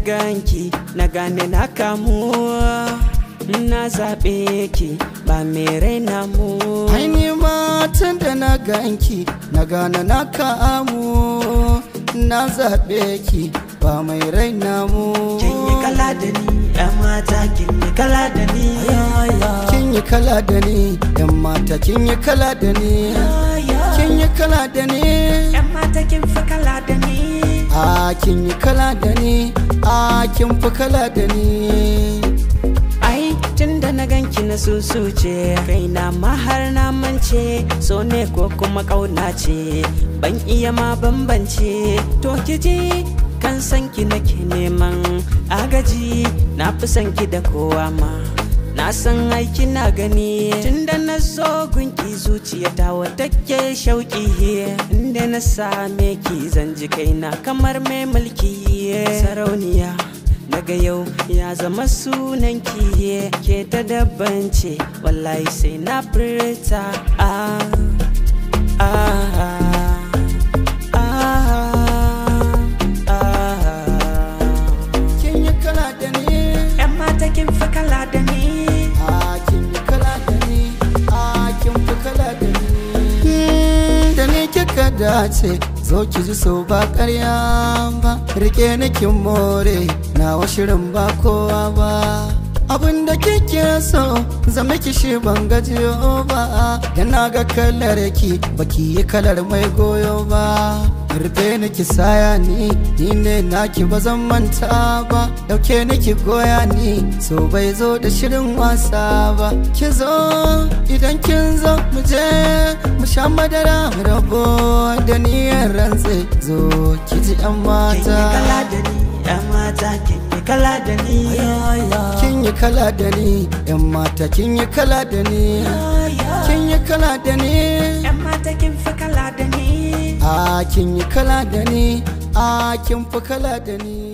ganki na gane na kamuwa na zaɓe ki ba mai raina mu aini matan da na ganki na gane na kamu na zaɓe ki ba mai raina mu kin kala da ni ya mata kin kala da ni kin yi kala da ni yan mata kin yi kala da ni kin yi kala da ni yan mata kin fi kala a yi kala da ni a fi kala da ni ai tun da na ganki na susuce kai na mahar na mance so ne ko kuma kauna ce ban iya ma bambance to kiji kan sanki nake neman agaji na fi sanki da kowa ma na san aiki na gani tun da na so gunki zuciya ta wata ke shauki inda na same ki zan ji kaina kamar mai mulki sarauniya daga yau ya zama sunan ki ke ta daban ce wallahi sai na furta ah, ah, ah ah. ah, kala da ni, ah, mata kin fi kala da ni. ka dace zo ki ji so ba karya ba rike ni ki more wa shirin ba kowa ba abin da kike so zama ki shi ban gaji ba Yana ga kalar ki baki yi kalar mai goyo ba rufe ni ki saya ni ni ne ki ba zan manta ba dauke ni ki goya ni so bai zo da shirin wasa ba ki zo idan kin zo mu je mu sha madara mu rabo da niyyar rantse zo ki ji yan mata kin yi kala da ni kin yi kala da ni yan mata kin yi kala da ni kin yi kala da ni yan mata kin fi kala da ni a ah, kin yi kala da ni a ah, kin fi kala da ni